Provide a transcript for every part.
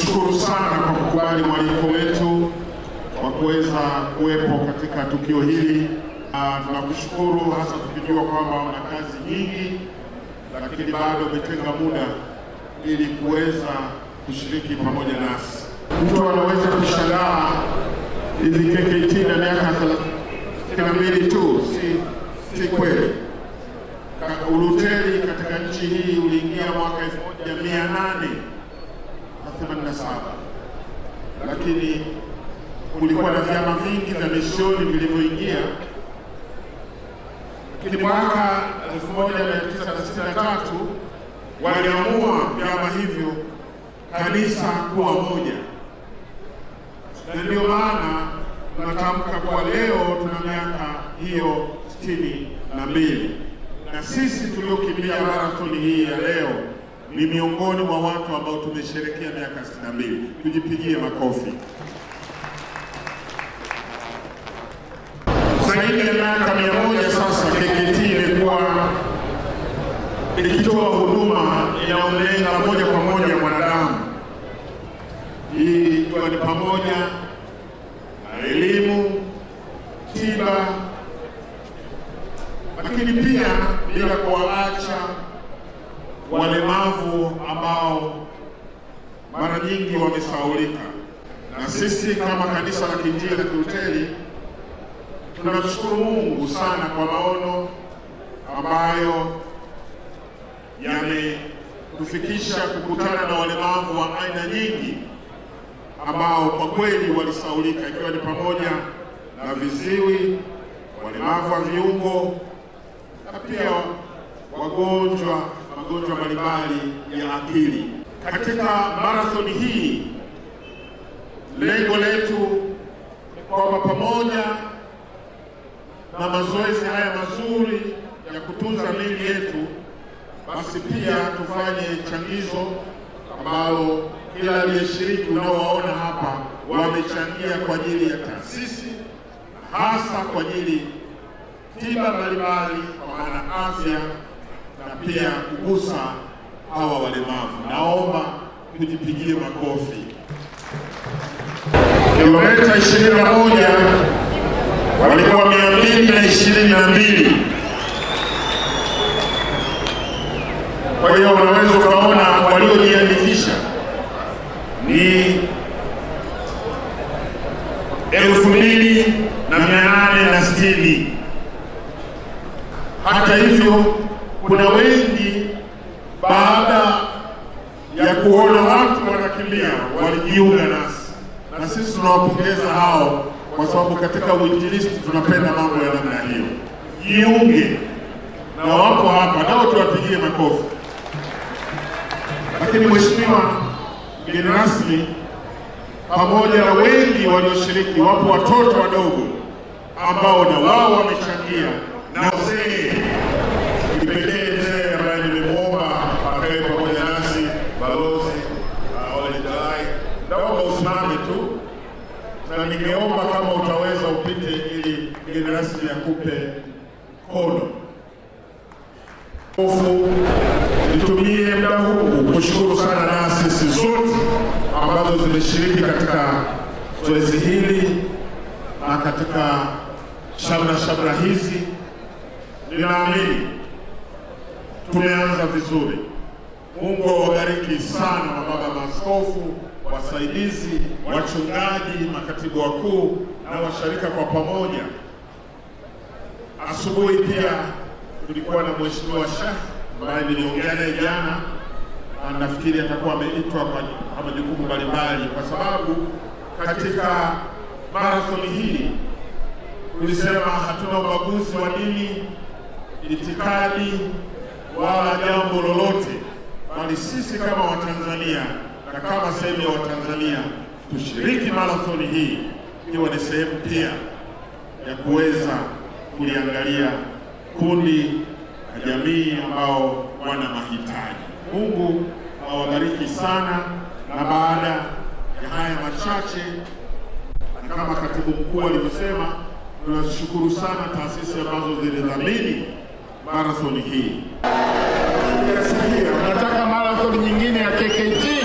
Tushukuru sana kwa kukubali mwaliko wetu kwa kuweza kuwepo katika tukio hili. na tunakushukuru hasa tukijua kwamba una kazi nyingi, lakini bado umetenga muda ili kuweza kushiriki pamoja nasi. Mtu anaweza kushangaa hivi KKKT na miaka 32 tu, si si kweli. Uluteri katika nchi hii uliingia mwaka nane 87 lakini kulikuwa na vyama vingi vya mishoni vilivyoingia, lakini mwaka 1963 waliamua vyama hivyo kanisa kuwa moja, na ndio maana tunatamka kwa leo tuna miaka hiyo sitini na mbili na sisi tuliokimbia marathoni hii ya leo ni miongoni mwa watu ambao tumesherekea miaka 62. Tujipigie makofi. Zaidi ya miaka mia moja sasa KKKT imekuwa ikitoa huduma inayolenga moja kwa moja mwanadamu. Hii ikiwa ni pamoja na elimu, tiba, lakini pia bila kuwaacha walemavu ambao mara nyingi wamesahaulika, na sisi kama kanisa la Kiinjili la Kilutheri tunamshukuru Mungu sana kwa maono ambayo yametufikisha kukutana na walemavu wa aina nyingi ambao kwa kweli walisaulika, ikiwa ni pamoja na viziwi, walemavu wa viungo na pia wagonjwa magonjwa mbalimbali ya akili. Katika marathoni hii, lengo letu kwamba pamoja na mazoezi haya mazuri ya kutunza miili yetu, basi pia tufanye changizo ambao kila aliyeshiriki unaowaona hapa wamechangia kwa ajili ya taasisi hasa kwa ajili tiba mbalimbali kwa afya na pia kugusa hawa walemavu. Naomba kujipigie makofi. Kilomita 21 walikuwa 222. Kwa hiyo unaweza ukaona waliojiandikisha ni 2860. Hata hivyo kuna wengi baada ya kuona watu wanakimbia walijiunga nasi, na sisi tunawapongeza hao, kwa sababu katika uinjilisti tunapenda mambo ya namna hiyo. Jiunge na wako hapa nao, tuwapigie makofi. Lakini mweshimiwa mgeni rasmi, pamoja na wengi walioshiriki, wapo watoto wadogo ambao na wao wamechangia na wazee mgeni rasmi akupe kono. Nitumie muda huu kushukuru sana taasisi zote ambazo zimeshiriki katika zoezi hili na katika shamra shamra hizi. Ninaamini tumeanza vizuri. Mungu awabariki sana mababa maaskofu, wasaidizi, wachungaji, makatibu wakuu na washarika kwa pamoja Asubuhi pia tulikuwa na mheshimiwa Shah ambaye niliongea naye jana, na nafikiri atakuwa ameitwa kwa majukumu mbalimbali, kwa sababu katika marathoni hii tulisema hatuna ubaguzi wa dini, itikadi wala jambo lolote, bali sisi kama Watanzania na kama sehemu ya Watanzania tushiriki marathoni hii iwe ni sehemu pia ya kuweza kuliangalia kundi la jamii ambao wana mahitaji. Mungu awabariki sana, na baada ya haya machache, na kama katibu mkuu alivyosema, tunashukuru sana taasisi ambazo zilidhamini marathoni hii. Nataka marathon nyingine ya KKT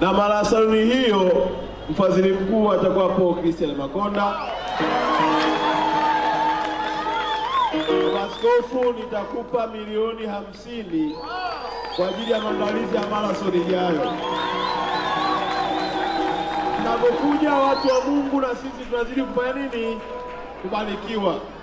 na marathon hiyo Mfadhili mkuu atakuwa po Christian Makonda. Askofu, nitakupa milioni hamsini kwa ajili ya maandalizi ya marathon ijayo. Tunapokuja watu wa Mungu, na sisi tunazidi kufanya nini? Kubarikiwa.